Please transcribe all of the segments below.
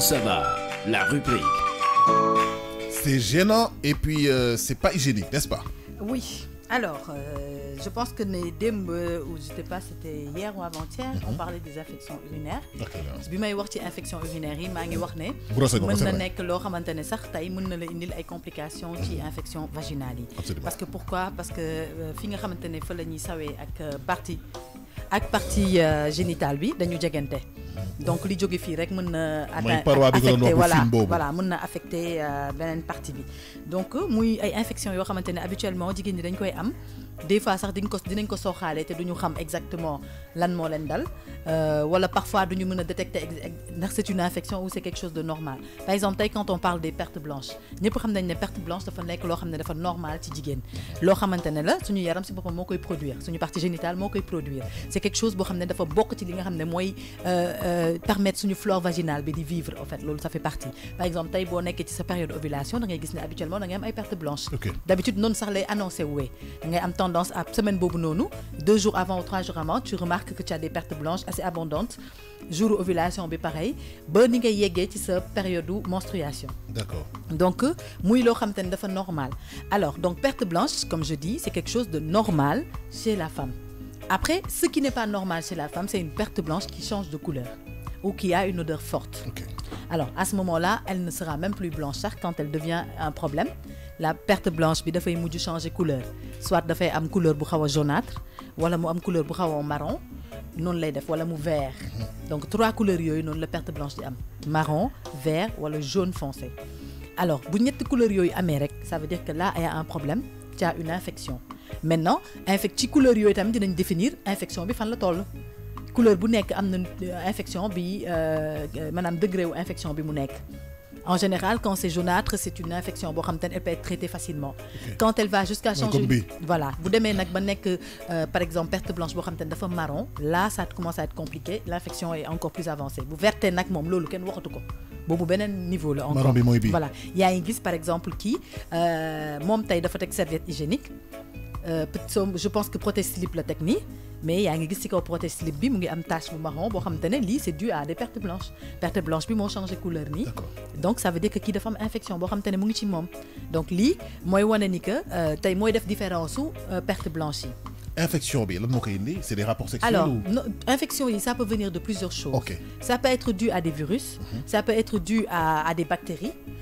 ça va La rubrique. C'est gênant et puis euh, c'est pas hygiénique, n'est-ce pas Oui. Alors, euh, je pense que Nedem, euh, où j'étais pas, c'était hier ou avant-hier, mhm. on parlait des infections urinaires. bi may wax ci infection urinaire yi maa ngi wax ne. mën na nekk loo xamante sax tey mën na la complications ci mhm. infection vaginale yi. parce que pourquoi parce que euh, fi nga xamante ne fa la ñuy partie ak partie génitale bi dañu donc li qui fi rek affecté voilà euh, partie bi. donc muy ay infection yo habituellement jigéen dañ koy am des fois sax ko dinañ ko te duñu xam exactement lan moo leen euh, parfois duñu a détecter ndax c'est une infection ou c'est quelque chose de normal par exemple quand on parle des pertes blanches ñëpp xam nañ ne perte blanche dafa dafa normal ci jigéen loo xamante la suñu yaram partie génitale moo produire c'est quelque chose boo xam dafa bokk ci li euh, euh, permettre une flore vaginale de vivre en fait ça fait partie par exemple taille boo nekkee sa période ovulation habituellement on a d'habitude non ça l'est annoncé oui on a tendance à semaine nous deux jours avant ou trois jours avant tu remarques que tu as des pertes blanches assez abondantes jour ovulation est pareil ba ni ngay sa période menstruation d'accord donc mouille l'eau xam normal alors donc perte blanche comme je dis c'est quelque chose de normal chez la femme après, ce qui n'est pas normal chez la femme, c'est une perte blanche qui change de couleur ou qui a une odeur forte. Alors, à ce moment-là, elle ne sera même plus blanchâtre quand elle devient un problème. La perte blanche bi dafay mujj changer couleur soit a am couleur bu jaunâtre ou mu am couleur bu marron, marron non' lay def wala mu vert donc trois couleurs yoy la perte blanche marron vert wala jaune foncé alors bu ñetti couleurs yoy amérique, ça veut dire que là il y a un problème tu as une infection maintenant infect ci couleur yooyu tamit dinañ définir infection bi fan la toll couleur bu nekk am euh, infection bi euh, maanaam degré wu infection bi mu en général quand c'est jaunâtre c'est une infection boo xam elle peut être traitée facilement quand elle va jusqu'à changer voilà Vous demee nag ba nekk euh, par exemple perte blanche boo xam te dafa marron là ça commence à être compliqué l'infection est encore plus avancée bu verte nag moom loolu kenn waxatu ko boobu beneen niveau la encore voilà yaa ngi gis par exemple kii moom tey dafa teg serviette hygiénique euh, je pense que protège slip la technique mais il y a ci kaw protège slip bi mu ngi am tache bu marron bon comme ne c'est dû à des pertes blanches pertes blanches bi ont changé couleur ni donc ça veut dire que qui de femme infection bon comme ne mon ngi ci moom donc lii mooy ni que euh, tey mooy def différence ou euh, pertes blanches infection bi c'est des rapports sexuels alors infection ça peut venir de plusieurs choses ça peut être dû à des virus mm-hmm. ça peut être dû à, à des bactéries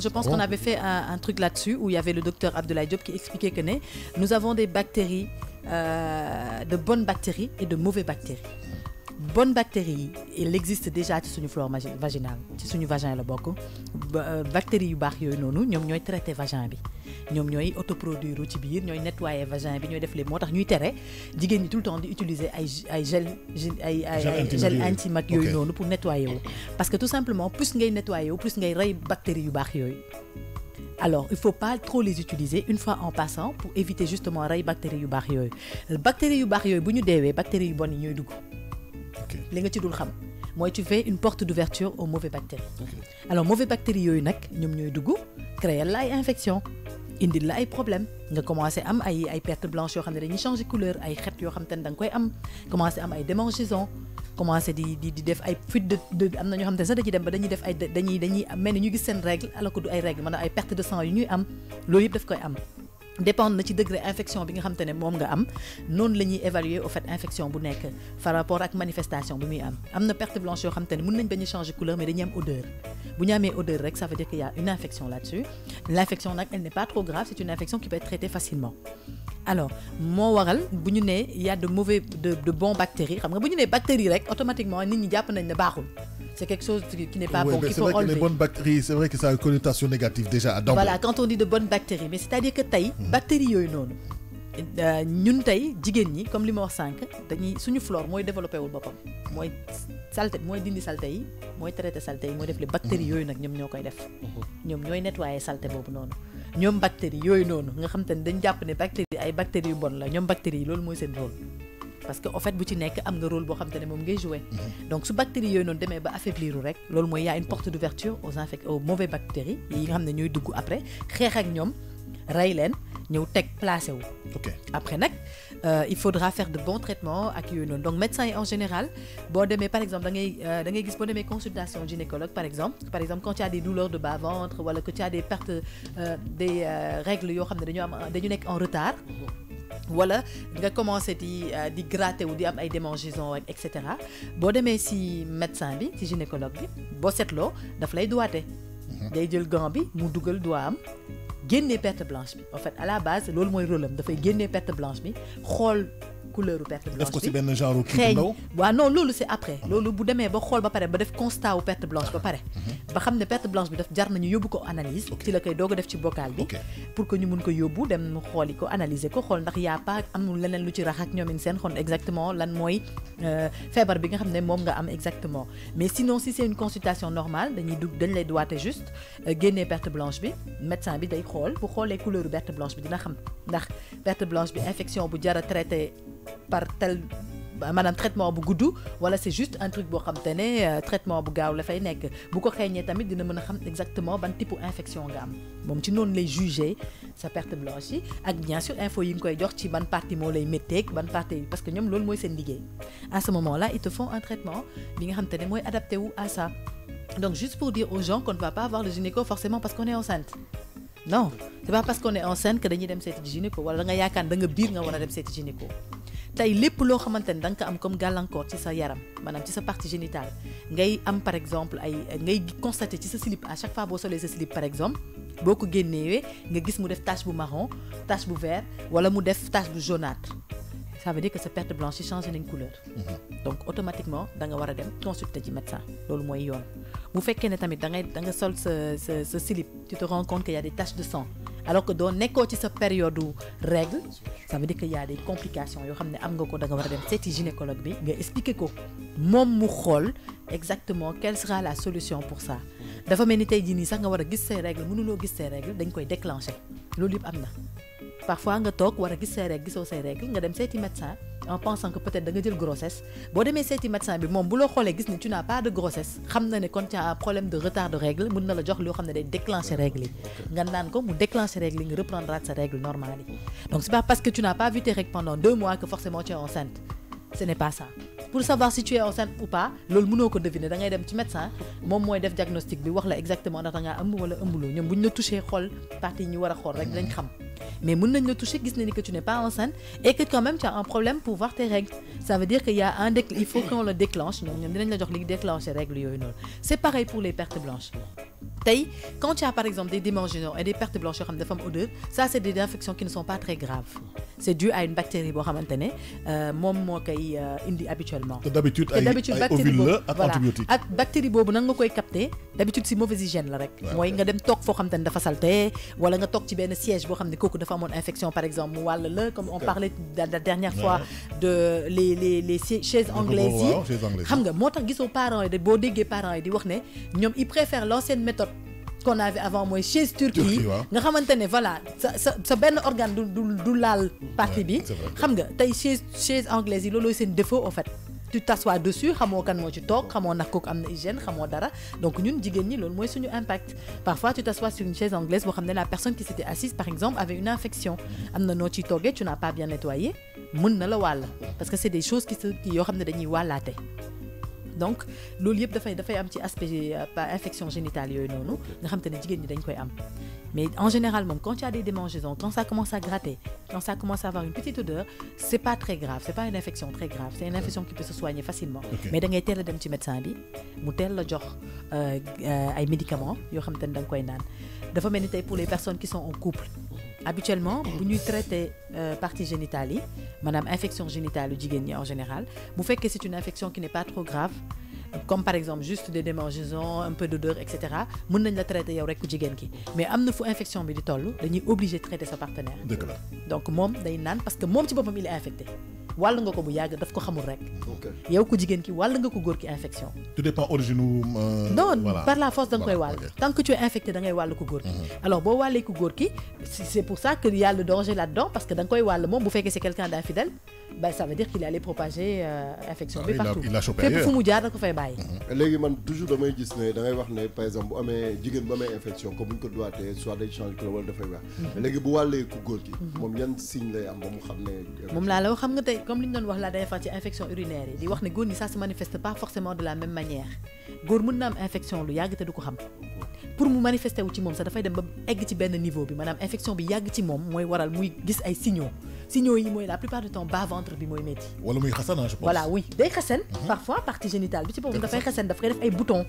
je pense ah qu'on avait fait un, truc là-dessus où il y avait le docteur Abdoulaye Diop qui expliquait que nous avons des bactéries euh, de bonnes bactéries et de mauvaises bactéries Bonnes bactéries, il existe déjà dans une flore vaginale ci une vagin le euh, bactéries yu non, nous, nous ñoom ñooy traité vagin bi Nous ñooy autoproduire ci biir ñooy nettoyer vagin bi ñooy def les moo ñuy tout le temps d'utiliser gel ay gel pour nettoyer parce que tout simplement plus ngay nettoyer plus ngay rey bactéries yu alors il faut pas trop les utiliser une fois en passant pour éviter justement rey bactéries yu bactéries. bactéries yu nous yooyu bu ñu bactéries yu nous. yi li nga ci dul xam mooy tu fais une porte d'ouverture aux mauvais bactéries alors mauvais bactéries yooyu nag ñoom ñooy dugg créer la ay infection indi la ay problème nga commencé am ay ay perte blanche yoo xam ne dañuy changer couleur ay xet yoo xam te ne da nga koy am commencé am ay démangeaison. commencé di di di def ay fuite de de am na ñoo xam ne sax dañuy dem ba dañuy def ay dañuy dañuy mel ni ñu gis seen règle alors que du ay règle maanaam ay perte de sang yu ñuy am loolu yëpp daf koy am dépendre du degré d'infection bi nga xam Nous ne nga la évaluer au fait infection par rapport ak manifestation Nous muy am am perte blanche yoo xam de couleur mais dañuy am odeur bu ñu odeur rek ça veut dire qu'il y a une infection là-dessus l'infection elle n'est pas trop grave c'est une infection qui peut être traitée facilement alors moi waral y a de mauvais de bons bactéries xam nga bu bactéries automatiquement nit ñi nañ ne c'est quelque chose qui n'est pas bon qu'il faut enlever. les bonnes bactéries c'est vrai que ça a une connotation négative déjà voilà quand on dit de bonnes bactéries mais c'est-à-dire que les hmm. bactéries euh, ñun comme li wax suñu flore développé salte mooy dindi salte yi traité salte yi les bactéries hmm. yooyu nag ñoom ñoo def hmm. salte ñoom bactéries yooyu noonu nga xam te ne dañ jàpp ne bactéries ay bactéries yu bon la ñoom bactéries yi loolu mooy seen rôle parce que au fait bu ci nekk am nga rôle boo xam te ne moom ngay joué mhm. donc su bactéries yooyu noonu demee ba affaibliru rek loolu mooy y a une porte d'ouverture aux infect aux mauvais bactéries yi nga xam ne ñooy dugg après xeex ak ñoom rey leen ñëw teg placé wu. après nag euh, il faudra faire de bons traitements ak yooyu noonu donc médecin yi en général boo demee par exemple da ngay euh, da ngay gis boo demee consultation gynécologue par exemple par exemple quand tu as des douleurs de bas ventre wala que tu as des pertes euh, des règles yoo xam ne dañu am dañu nekk en retard. wala nga commencé di di gratter wu di am ay démangeaisons et cetera boo demee si médecin bi si gynécologue bi boo seetloo daf lay doigté. Mhm. day jël gant bi mu dugal doigt am génnee perte blanche bi en fait à la base loolu mooy rôle am dafay génnee perte blanche bi xool couleur perte blanche bi def ko ci benn genre kii ndaw non lolu c'est après lolu bu démé ba xol ba paré ba def constat au perte blanche ba paré mhm. ba xamné perte blanche bi daf jar nañu yóbbu ko analyse ci la kay dogo def ci bocal bi pour que ñu mun ko yobou dem xooli ko analyser ko xol ndax yaa pas amul leneen lu ci rax ak ñoomin sen xool exactement lan mooy euh, fièvre bi nga xamné mom nga am exactement mais sinon si c'est une consultation normale dañuy dugg dañ lay doigté juste euh, guéné perte blanche bi médecin bi day xool bu xoolee couleur perte blanche bi dina xam ndax perte blanche bi infection bu jar a traité par tel maanaam traitement bu gudd wala c'est juste un truc boo xam te ne euh, traitement bu gaaw la fay nekk bu ko xeeñee tamit dina mën a xam exactement ban type infection nga am moom ci noonu lay juger sa perte blanche yi ak bien sûr info yi nga koy jox ci ban partie moo lay métteeg ban partie parce que ñoom loolu mooy seen liggéey à ce moment là ils te font un traitement bi nga xam te ne mooy adapté wu à ça donc juste pour dire aux gens qu'on ne va pas avoir le gynéco forcément parce qu'on est enceinte non c'est pas parce qu'on est enceinte que dañuy dem seeti gynéco wala da nga yaakaar da nga biir nga war a dem seeti gynéco tay lépp loo xamante ne da ko am comme gàllankoor ci sa yaram maanaam ci sa partie génitale ngay am par exemple ay ngay constater ci sa slip à chaque fois boo solee sa slip par exemple boo ko génnewee nga gis mu def tache bu marron tache bu vert wala mu def tache bu jaunâtre ça veut dire que sa perte blanche change changé nañ couleur mhm. donc automatiquement da nga war a dem consulter ci médecin loolu mooy yoon bu fekkee ne tamit da ngay da nga sol sa sa sa slip tu te rends compte qu'il y a des taches de sang alors que doo nekkoo ci sa période règle ça veut dire que y a des complications Yo xamné am nga ko da nga war dem seeti gynécologue bi nga expliquer ko mom mu xol exactement quelle sera la solution pour ça dafa mel tay tey jii sax nga wara a gis say règles mënuloo gis say règles dañ koy déclencher loolu yëpp amna. parfois nga tok wara a gis say règles gisoo say règles nga dem seeti médecin en pensant que peut-être da nga jël grossesse bo démé un médecin bi mom bu lo xolé gis ni tu n'as pas de grossesse xam na né kon tu as un problème de retard de règles. mën na la jox lo xam ne day déclencher règle nga naan ko mu déclencher règle nga reprendra sa règle normale donc c'est pas parce que tu n'as pas vu tes règles pendant deux mois que forcément tu es enceinte ce n'est pas ça pour savoir si tu es enceinte ou pas loolu mënoo ko deviner da ngay dem ci médecin mom moy def diagnostic bi wax la exactement ndax nga ngaa ëmb wala ëmbuloo ñoom bu ñu la touché xol parti ñu wara a rek dañ xam mais mën nañ la toucher gis nañ que tu n'es pas enceinte et que quand même tu as un problème pour voir tes règles ça veut dire qu'il y a un il faut qu'on le déclenche ñoom ñoom dinañ la jox li déclencher règles c'est pareil pour les pertes blanches quand tu as par exemple des démangeaisons et des pertes blanches qui ont des dafa ça c'est des infections qui ne sont pas très graves c'est dû à une bactérie boo xamante moi moi qui indi habituellement. D'habitude, d'habitude Bactérie ovules la antibiotiques ak bactérie boobu nan koy capter d'habitude si mauvaise hygiène la rek. mooy nga dem toog foo xamante ne dafa ou wala nga toog ci benn siège boo xam ne de dafa amoon infection par exemple ou le, comme on parlait la dernière fois de les les les chaises anglaises yi xam nga moo parents et de parents et des wax ils préfèrent l'ancienne méthode qu'on avait avant moi chez turque nous nga voilà ça ça ben organe du du du laal bi xam nga chaise chaise anglaise c'est un défaut en fait tu t'assois dessus xamoo kan moo ci toog xamoo nag kooku am na hygiène xamoo dara donc ñun jigéen ñi loolu mooy suñu impact parfois tu t'assois sur une chaise anglaise boo xam la personne qui s'était assise par exemple avait une infection am na noo ciy toogee tu n'as pas bien nettoyé mën na la wàll parce que c'est des choses qui se yoo xam ne dañuy wàllaate donc loolu yëpp dafay dafay am ci aspect euh, infection génitale yooyu noonu nga xam te ne jigéen ñi dañ koy am mais en général, quand quand y a des démangeaisons, quand ça commence à gratter, quand ça commence à avoir une petite odeur, c'est pas très grave, c'est pas une infection très grave, c'est une infection qui peut se soigner facilement. Mais da ngay a médecin bi mu la euh, euh, médicaments tu xam ne koy dafa pour les personnes qui sont en couple. habituellement vous traiter euh, la partie génitale Madame, infection génitale du en général faites que c'est une infection qui n'est pas trop grave comme par exemple juste des démangeaisons un peu d'odeur et cetera mën nañ la traiter yow rek ku jigéen mais am na fu infection bi di on dañuy obligé traiter sa partenaire. D'accord. donc moom day naan parce que moom ci boppam il est infecté wàll nga ko bu yag daf ko xamul rek. yow ku jigéen ki nga ko gor ki infection. Tu dépend origine euh, non par la force dang koy wal. tant que tu es infecté da ngay wàll ku ki. Mhm. alors bo walé ku gor ki c'est pour ça que y a le danger là-dedans parce que dang koy wal mom bu fekkee c'est quelqu'un d'infidèle. Ben ça veut dire qu'il allait propager infection euh, ah, partout il a chopé fépp fu mu mhm. eh, man toujours damay gis ne da ngay wax ne par exemple bu amee jigéen bu amee infection comme bu ñu ko doitee soit day changer couleur wala dafay weex mhm. mais léegi bu wàllee ku góor gi mhm. moom yan signe lay am ba mu xam ne euh, la wax xam nga tey comme li ñu wax laa day fàcc ci infection urinaire yi di wax ne góor ñi ça se manifeste pas forcément de la même manière góor mën na am infection lu yàgg te du ko xam pour mu manifester wu ci ça sax dafay dem ba egg ci benn niveau bi maanaam infection bi yàgg ci moom mooy waral muy gis ay signaux signaux yi la plupart du temps bas ventre bi mooy wala hein, je pense. voilà oui day xasan. Mhm. parfois partie génitale bi ci boppam dafay xasan daf koy def ay boutons.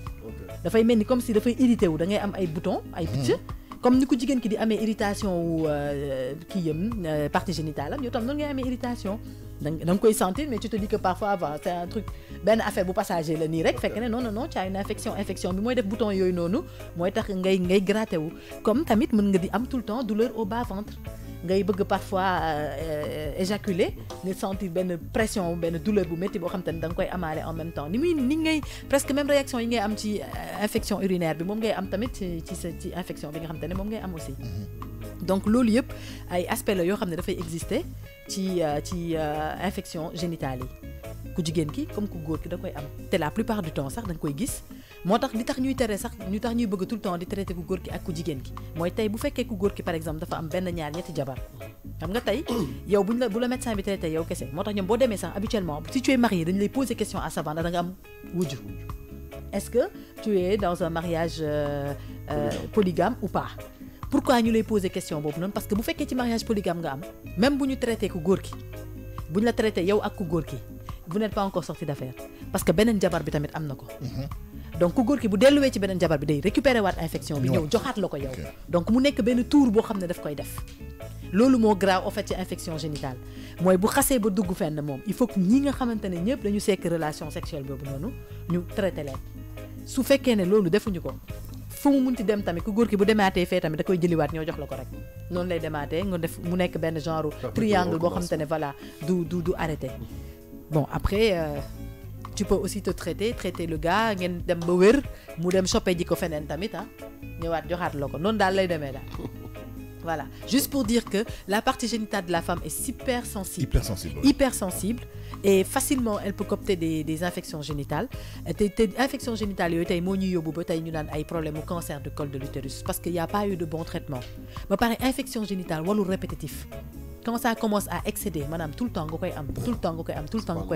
dafay mel comme si fait irrité ou da ngay am ay boutons ay picc. Mhm. comme ni ko jigéen ki di amee irritation ou euh, kii euh, partie génitale am yow tam noonu ngay amee irritation. Donc nga koy sentir mais tu te dis que parfois avant c'est un truc ben affaire vous passager le nii rek fait que non non non tu as une infection infection bi mooy def bouton yooyu noonu mooy tax ngay ngay gratter ou comme tamit mën nga di am tout le temps douleur au bas ventre ngay bëgg parfois euh, éjaculer nga sentir ben pression ben douleur bu metti bo xam tane dang koy amaale en même temps ni muy ni ngay presque même réaction yi ngay am ci euh, infection urinaire bi mom ngay am tamit ci ci infection bi nga xam tane mom ngay am aussi. Mm-hmm donc loolu yëpp ay aspect la yoo xam ne dafay exister ci euh, ci euh, infection génitale yi ku jigéen ki comme ku góor ki da koy am te la plupart du temps sax da nga koy gis moo tax li tax ñuy tere sax ñu tax ñuy bëgg tout le temps di traité ku góor ki ak ku jigéen ki mooy tey bu fekkee ku góor ki par exemple dafa am benn ñaar ñetti jabar xam nga tey yow buñ la bu la médecin bi traité yow kese moo tax ñoom boo demee sax habituellement si tu es marié dañ lay poser question à savoir da nga am wujju est-ce que tu es dans un mariage euh, polygame ou pas pourquoi ñu lay poser question boobu noonu parce que bu fekkee ci mariage polygame nga am même bu ñu traité ku góor ki bu ñu la traité yow ak ku góor ki vous n'êtes pas encore sorti d'affaire parce que beneen jabar bi tamit am na ko. Mhm. donc ku góor ki bu delluwee ci beneen jabar bi day récupérer waat infection bi ñëw joxaat la ko yow. donc mu nekk benn tour boo xam ne daf koy def. loolu moo grave au fait ci infection génitale mooy bu xasee ba dugg fenn moom il faut que ñi nga xamante ne ñëpp dañu sekk relation sexuelle boobu noonu ñu traité leen su fekkee ne loolu defuñu ko fu mu ti dem tamit ku góor ki bu demaatee fee tamit da koy jëliwaat ñoo jox la ko rek noonu lay demaatee nga def mu nekk benn genre triangle boo xam te ne voilà du du du arrêté bon après euh, tu peux aussi te traiter traiter le gars ngeen dem ba wér mu dem shoppe ji ko feneen tamit ah ñëwaat joxaat la ko noonu daal lay demee daal Voilà. Juste pour dire que la partie génitale de la femme est super sensible. Hyper sensible. Et facilement, elle peut copter des, des infections génitales. Des, infections génitales, il y des problèmes au cancer de col de l'utérus parce qu'il n'y a pas eu de bon traitement. Mais pareil, infection génitale, ou répétitif. Quand ça commence à excéder, madame, tout le temps, tout le temps, tout le temps,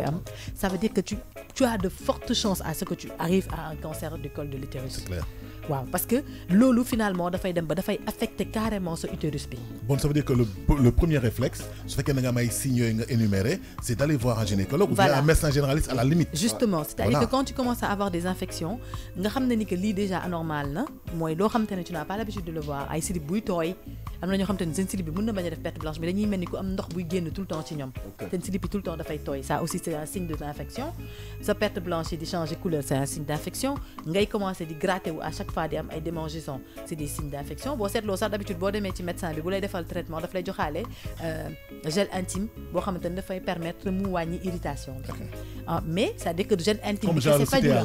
ça veut dire que tu, as de fortes chances à ce que tu arrives à un cancer de col de l'utérus. C'est clair waaw parce que loolu finalement dafay dem ba dafay affecter carrément sa utérus bi. bon ça veut dire que le le premier réflexe su fekkee da nga may ay signes yooyu nga énuméré c'est d'aller voir un gynécologue. voilà ou bien un médecin généraliste à la limite. justement c'est-à-dire voilà. que quand tu commences à avoir des infections nga xam ne ni que lii déjà anormal na mooy loo xam te ne tu n'as pas l'habitude de le voir ay slip buy tooy am na ñoo xam te ne seen bi mën na bañ a def perte blanche mais dañuy mel ni ku am ndox buy génn tout le temps ci ñoom. seen slip bi tout le temps dafay tooy ça aussi c'est un signe de l'infection sa perte blanche yi di changer couleur c'est un signe d'infection ngay commencer di gratter wu à chaque fa di am ay démangeaison c' est des signes d' infection boo seetloo sax d' habitude boo demee ci médecin bi bu lay defal traitement daf lay joxaale euh, gel intime boo xamante ne dafay permettre mu wàññi irritation bi ah, mais ça est dire que gel intime bi c'est faju la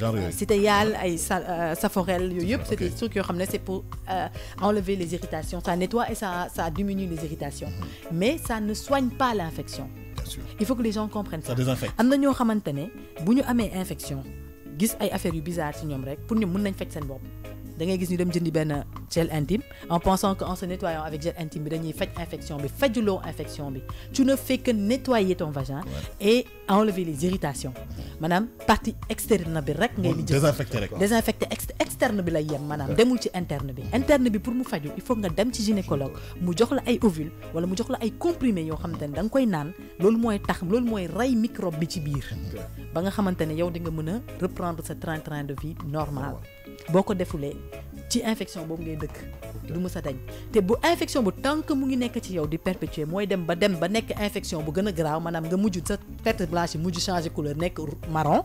genre ah, citéal ay euh, saforel yooyu yëpp c' est des trucs yoo xam ne c' est pour euh, enlever les irritations ça nettoie et ça ça diminue les irritations mm-hmm. mais ça ne soigne pas l' infection il faut que les gens comprennent ça am na ñoo xamante ne bu ñu amee infection gis ay affaires yu bizarre ci ñoom rek pour ñoom mën nañ faj seen bopp da ngay gis ñu dem jëndi benn gel intime en pensant que en se nettoyant avec gel intime bi dañuy faj infection bi fajuloo infection bi tu ne fais que nettoyer ton vagin et enlever les irritations maanaam partie externe bi rek ngay li désinfecté rek désinfecté externe bi lay yem maanaam demul ci interne bi interne bi pour mu faju il faut nga dem ci gynécologue mu jox la ay ovule wala mu jox la ay comprimé yoo xamante ne da nga koy naan loolu mooy tax loolu mooy ray microbe bi ci biir ba nga xamante ne yow di nga mën a reprendre sa train train de vie normal boko defulé ci infection boobu ngay dëkk du mës a dañ té bu infection bu tant que mu ngi nekk ci yow di perpétuer moy dem ba dem ba nek infection bu gëna graw manam nga mujj sa tête blanche yi changer couleur nek marron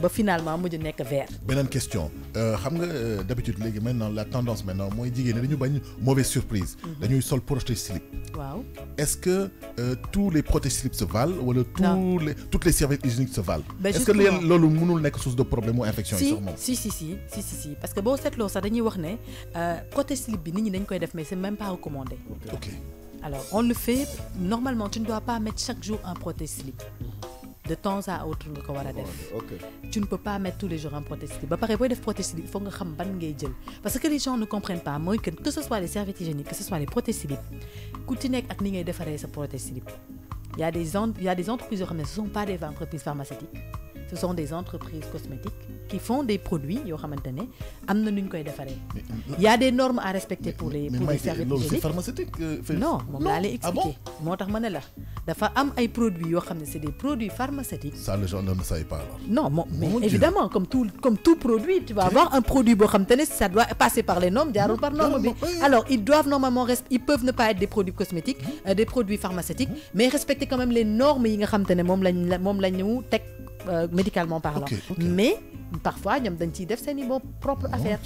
ba finalement mujj nek vert. benen question euh, xam nga euh, d'habitude légui maintenant la tendance maintenant moy jigéen ñi dañu bañ mauvaise surprise. Mhm. dañuy sol protège-slip. waaw est-ce que euh, tous les protège-slip se valent. wala tous les toutes les serviettes hygiéniques se valent. Ben, est-ce que lolu mënul nek source de problème ou infection si si si si si parce que bon, cette sax dañuy wax ne euh, prothèse slip bi nit ñi dañ koy def mais c'est même pas recommandé. ok alors on le fait normalement tu ne dois pas mettre chaque jour un prothèse slip. de temps à autre nga ko def tu ne peux pas mettre tous les jours un protège slip ba par exemple def protège slip il faut nga xam ban ngay jël parce que les gens ne comprennent pas moi, que que ce soit les serviettes hygiéniques que ce soit les protège slip ku ci nekk ak ni ngay defaree sa protège slip y a des il y a des entreprises mais ce sont pas des entreprises pharmaceutiques ce sont des entreprises cosmétiques qui font des produits il y a des normes à respecter pour les pour les services c'est pharmaceutique. Euh, non je expliquer ah produits c'est des produits pharmaceutiques. ça les gens ne savent pas alors. non mais évidemment comme tout produit tu vas avoir un produit ça doit passer par les normes par normes. alors ils doivent normalement ils peuvent ne pas être des produits cosmétiques mmh. euh, des produits pharmaceutiques mais respecter quand même les normes yi nga euh, médicalement parlant. mais parfois il dañ ciy def seen i propre faire.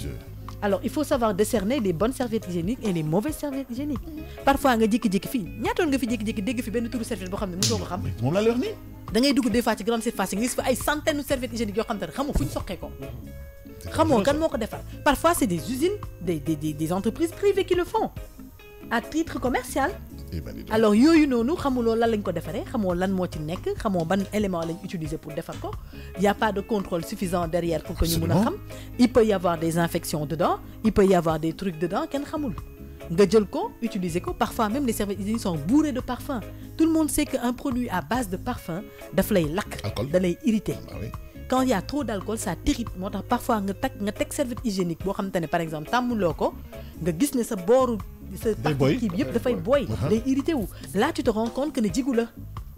alors il faut savoir décerner les bonnes serviettes hygiéniques et les mauvaises serviettes hygiéniques parfois nga jékki-jékki fii ñaatoon nga fi jékki-jékki dégg fi benn turu serviette boo xam ne mosoo ko xam. moom laa leer nii. da ngay dugg des fois ci grande surface yi nga gis ay centaines de serviettes hygiéniques yoo xam te ne xamoo fu ñu soqee ko. xamoo kan moo parfois c'est des usines des des des entreprises privées qui le font à titre commercial. Eh ben, alors nous xamou lo lan lañ ko defaree xamou lan mo ci nek, xamou ban élément lañ utiliser pour faire ko y' a pas de contrôle suffisant derrière pour que ñu mun xam il peut y avoir des infections dedans il peut y avoir des trucs dedans ken xamoul. nga jël ko utiliser ko parfois même les serviettes hygiéniques sont bourrées de parfum tout le monde sait qu'un produit à base de parfum daf lay lakk da lay irriter ah quand il y a trop d'alcool ça t'irrite Moi, parfois nga tag nga tek serviette hygiénique bo xam tane par exemple tàmmuloo ko nga gis ne sa booru c'est parti qui bi de faire boy les irrité où là tu te rends compte que ne jigu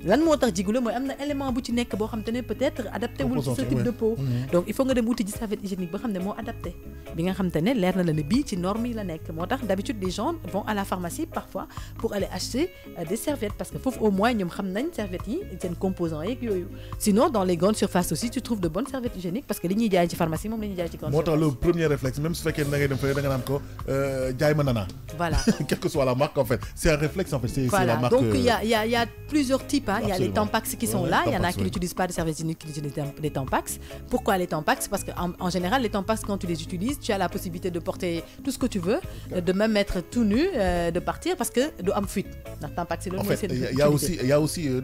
lan moo tax jigule mooy am na élément bu ci nekk boo xam te ne peut-être adapté wul ci sa type de peau mm-hmm. donc il faut nga dem wuti ji savette hygiénique ba xam ne moo adapté bi nga xam te ne leer na la ne bii ci norme yi la nekk moo tax d'habitude les gens vont à la pharmacie parfois pour aller acheter euh, des serviettes parce que foofu au moins ñoom xam nañ serviettes yi seen composants yeeg yooyu sinon dans les grandes surfaces aussi tu trouves de bonnes serviettes hygiéniques parce que li ñuy jaay ci pharmacie moom la ñuy jaay ci grande moo tax le premier réflexe même su fekkee da ngay dem fële da nga naan ko euh, jaay ma nana voilà quelque soit la marque en fait c'est un réflexe en fait c'est la marque donc euh, il y a il y a plusieurs types il y a les Tampax qui sont là. Il y en a qui n'utilisent pas de serviettes uniques, qui utilisent les Tampax. Pourquoi les Tampax Parce qu'en en général, les Tampax, quand tu les utilises, tu as la possibilité de porter tout ce que tu veux, de même être tout nu, euh, de partir parce que de am fuite. Tampax, c'est le en fait, Il y a aussi, il y a aussi, euh,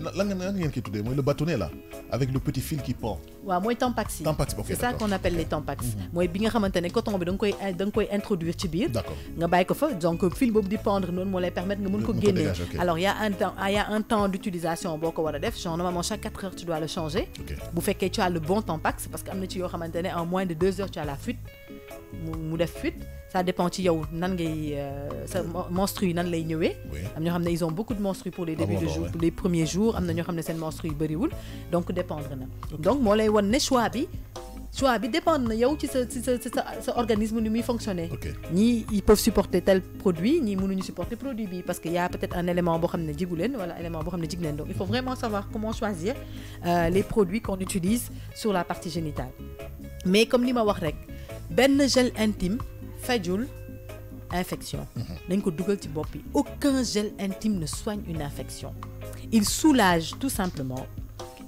le bâtonnet là, avec le petit fil qui pend. Oui, moi tampax c'est ça qu'on appelle les tampax mhm. moi bi nga quand on coton donc eh, introduire tu biir nga donc fil qui dépendre, pendre on les permettre de alors y a un y a un temps d'utilisation temps boo ko war a def genre chaque quatre heures tu dois le changer. bu fekkee tu as le bon Tampax parce que am na ci yoo xamante en moins de deux heures tu as la fuite mu mu def fuite ça dépend ci yow nan ngay euh, sa menstru yi nan lay ñëwee. am ñoo xam ils ont beaucoup de menstru pour les ah début de jour les premiers jours am na ñoo xam ne seen yi bëriwul donc dépendre na. donc moo lay won ne choix bi choix bi dépend na yow ci sa ci sa sa organisme ni muy fonctionner ñii ils peuvent supporter tel produit ñii mënuñu supporter produit bi parce que y a peut-être un élément boo xam ne jigu leen wala élément boo xam ne jig donc il faut vraiment savoir comment choisir euh, les produits qu'on utilise sur la partie génitale mais comme li ma wax rek benn gel intime fajul infection dañ mhm. ko dugal ci bopp bi aucun gel intime ne soigne une infection il soulage tout simplement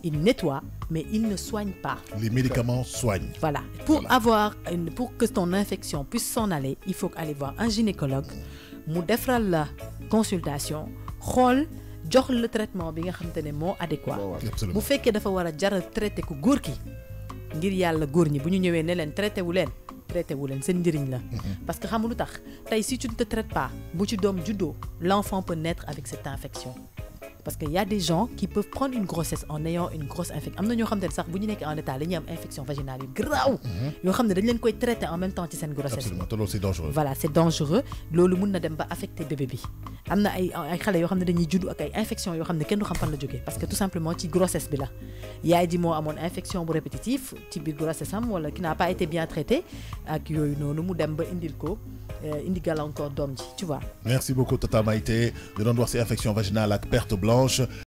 il nettoie, mais il ne soigne pas. Les médicaments soignent. Voilà. Pour avoir, pour que ton infection puisse s'en aller, il faut aller voir un gynécologue. Mou defaral la consultation xool jox le traitement bi nga xamante ne moo adéquat. bu fekkee dafa war a jaral traité ku góor ki ngir yàlla góor ñi bu ñu ñëwee ne leen traité wu leen. traité wu leen seen la. Mm-hmm. parce que xam lu tax si tu ne te traites pas bu ci doom juddoo l'enfant peut naître avec cette infection parce qu'il y a des gens qui peuvent prendre une grossesse en ayant une grosse infection am na xam ne sax bu ñu en état la am infection vaginale grave, graaw mhm. yoo dañ leen koy traiter en même temps ci seen grossesse voilà c'est dangereux Lolu c'est na dem ba affecter bébé bi Amna ay ay xalé yo xam dañuy juddu ak ay infection yo xam ne kenn du xam fan la parce que tout simplement ci grossesse bi la yaay di mo amone infection bu répétitif ci bir grossesse am wala qui n'a pas été bien traité ak yooyu nonu mu dem ba indil ko euh, indi encore encore tu vois. merci beaucoup Tata Maïté de l'endroit c'est infection vaginale avec perte blanche.